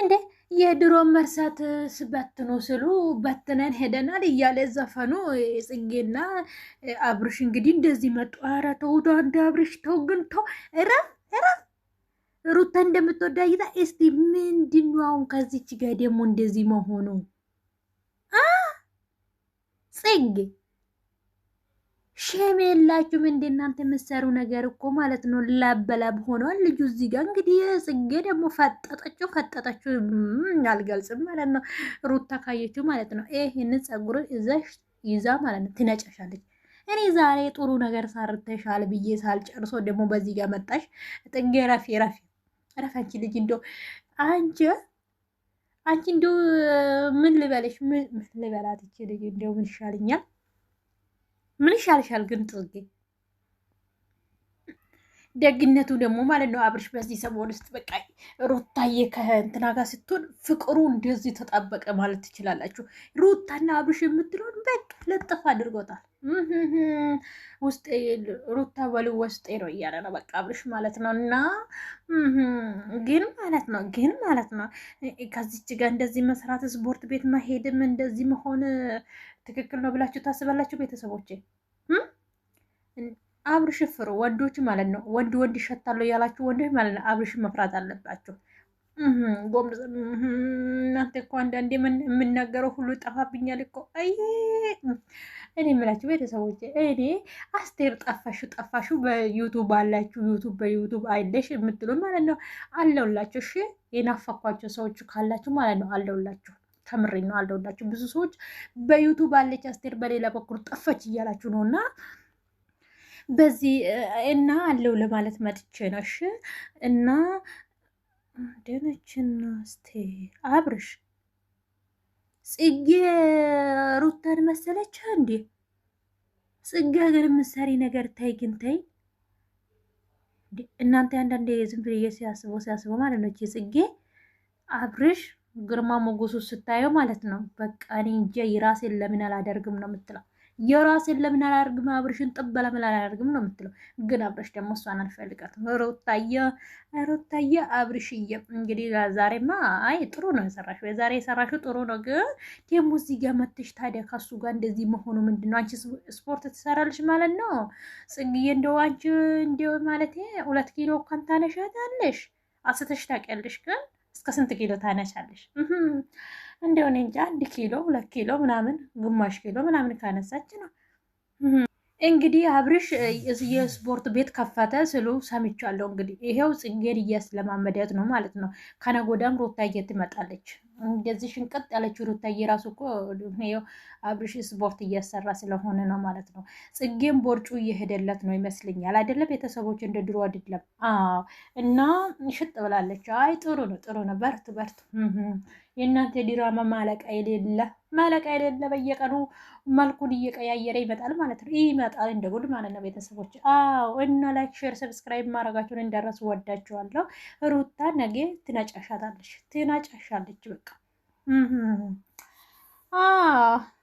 እንዴ የድሮ መርሳት ስበትኑ ስሉ በትነን ሄደናል እያለ ዘፈኑ ጽጌና አብርሽ እንግዲህ እንደዚህ መጡ። ኧረ ተው አንድ አብርሽ ተው፣ ግን ተው፣ እረፍ ሩታ እንደምትወዳ ይታ እስቲ ምንድን አሁን ከዚች ጋር ደግሞ እንደዚህ መሆኑ ጽጌ ሸም የላችሁ ምንድ እናንተ የምትሰሩ ነገር እኮ ማለት ነው። ላበላብ ሆኗል ልጁ እዚህ ጋር እንግዲህ ጽጌ ደግሞ ፈጠጠችው ፈጠጠችው አልገልጽም ማለት ነው። ሩታ ካየችው ማለት ነው ይህን ጸጉር ይዘሽ ይዛ ማለት ነው ትነጨሻለች። እኔ ዛሬ ጥሩ ነገር ሳርተሻል ብዬ ሳልጨርሶ ደግሞ በዚህ ጋር መጣሽ። ጥጌ ረፊ ረፊ አንቺ ልጅ እንደው አንቺ አንቺ እንደው ምን ልበለሽ ምን ልበላት ይችልኝ እንደው ምን ይሻልኛል ምን ይሻልሻል ግን ጽጌ? ደግነቱ ደግሞ ማለት ነው አብርሽ በዚህ ሰሞን ውስጥ በቃ ሩታዬ ከእንትና ጋር ስትሆን ፍቅሩ እንደዚህ ተጣበቀ ማለት ትችላላችሁ። ሩታና አብርሽ የምትለውን በቃ ለጥፍ አድርጎታል። ውስጤ ሩታ በሉ ውስጤ ነው እያለ ነው በቃ አብርሽ ማለት ነው። እና ግን ማለት ነው ግን ማለት ነው ከዚች ጋር እንደዚህ መስራት፣ ስፖርት ቤት መሄድም እንደዚህ መሆን ትክክል ነው ብላችሁ ታስባላችሁ ቤተሰቦቼ? አብርሽ ፍሩ ወንዶች ማለት ነው። ወንድ ወንድ ይሸታሉ እያላችሁ ወንዶች ማለት ነው አብርሽ መፍራት አለባችሁ። እናንተ እኮ አንዳንዴ የምናገረው ሁሉ ጠፋብኛል እኮ። አይ እኔ የምላችሁ ቤተሰቦች እኔ አስቴር ጠፋሹ ጠፋሹ በዩቱብ አላችሁ ዩቱብ በዩቱብ አይለሽ የምትሉ ማለት ነው አለውላችሁ። እሺ የናፈኳቸው ሰዎች ካላችሁ ማለት ነው አለውላችሁ። ከምሬ ነው አለውላችሁ። ብዙ ሰዎች በዩቱብ አለች አስቴር በሌላ በኩል ጠፋች እያላችሁ ነው እና በዚህ እና አለው ለማለት መጥቼ ነው። እሺ እና ደነችና ስቴ አብርሽ ጽጌ ሩታን መሰለች እንዴ? ጽጌ ሀገር ምሳሌ ነገር ታይ ግን እናንተ አንዳንዴ ዝም ብዬ ሲያስበው ሲያስበው ማለት ነው። ጽጌ አብርሽ ግርማ ሞገሱ ስታየው ማለት ነው በቃ እኔ እንጃ የራሴን ለምን አላደርግም ነው የምትለው። የራሴን ለምን አላደርግም አብርሽን ጥብ ለምን አላደርግም ነው የምትለው። ግን አብርሽ ደግሞ እሷን አልፈልጋትም። ሩታየ ሩታየ አብርሽዬ እንግዲህ ዛሬማ አይ ጥሩ ነው የሰራሽ፣ የዛሬ የሰራሽው ጥሩ ነው። ግን ደግሞ እዚህ ጋር መጥተሽ ታዲያ ከሱ ጋር እንደዚህ መሆኑ ምንድን ነው? አንቺ ስፖርት ትሰራለሽ ማለት ነው ጽጌዬ። እንደው አንቺ እንደው ማለት ሁለት ኪሎ እንኳን ታነሻታለሽ። አስተሽ ታውቂያለሽ። ግን እስከ ስንት ኪሎ ታነሻለሽ? እንደሆነ እንጂ አንድ ኪሎ ሁለት ኪሎ ምናምን ግማሽ ኪሎ ምናምን ካነሳች ነው። እንግዲህ አብርሽ የስፖርት ቤት ከፈተ ስሉ ሰምቻለሁ። እንግዲህ ይሄው ጽጌን እያስለማመደት ነው ማለት ነው። ከነገ ወዲያም ሩታዬ ትመጣለች። እንደዚህ ሽንቀጥ ያለች ሩታዬ ራሱ እኮ አብርሽ ስፖርት እያሰራ ስለሆነ ነው ማለት ነው። ጽጌም ቦርጩ እየሄደለት ነው ይመስለኛል አይደለም ቤተሰቦች እንደ ድሮ አይደለም። አዎ። እና ሽጥ ብላለች። አይ ጥሩ ነው፣ ጥሩ ነው። በርቱ፣ በርቱ። የእናንተ ዲራማ ማለቃ የሌለ ማለቃ የሌለ በየቀኑ መልኩን እየቀያየረ ይመጣል ማለት ነው። ይመጣል እንደ ጉድ ማለት ነው። ቤተሰቦች አዎ። እና ላይክ፣ ሼር፣ ሰብስክራይብ ማድረጋችሁን እንዳረሱ ወዳችኋለሁ። ሩታ ነገ ትነጫሻታለች፣ ትነጫሻለች። Mm-hmm. Ah,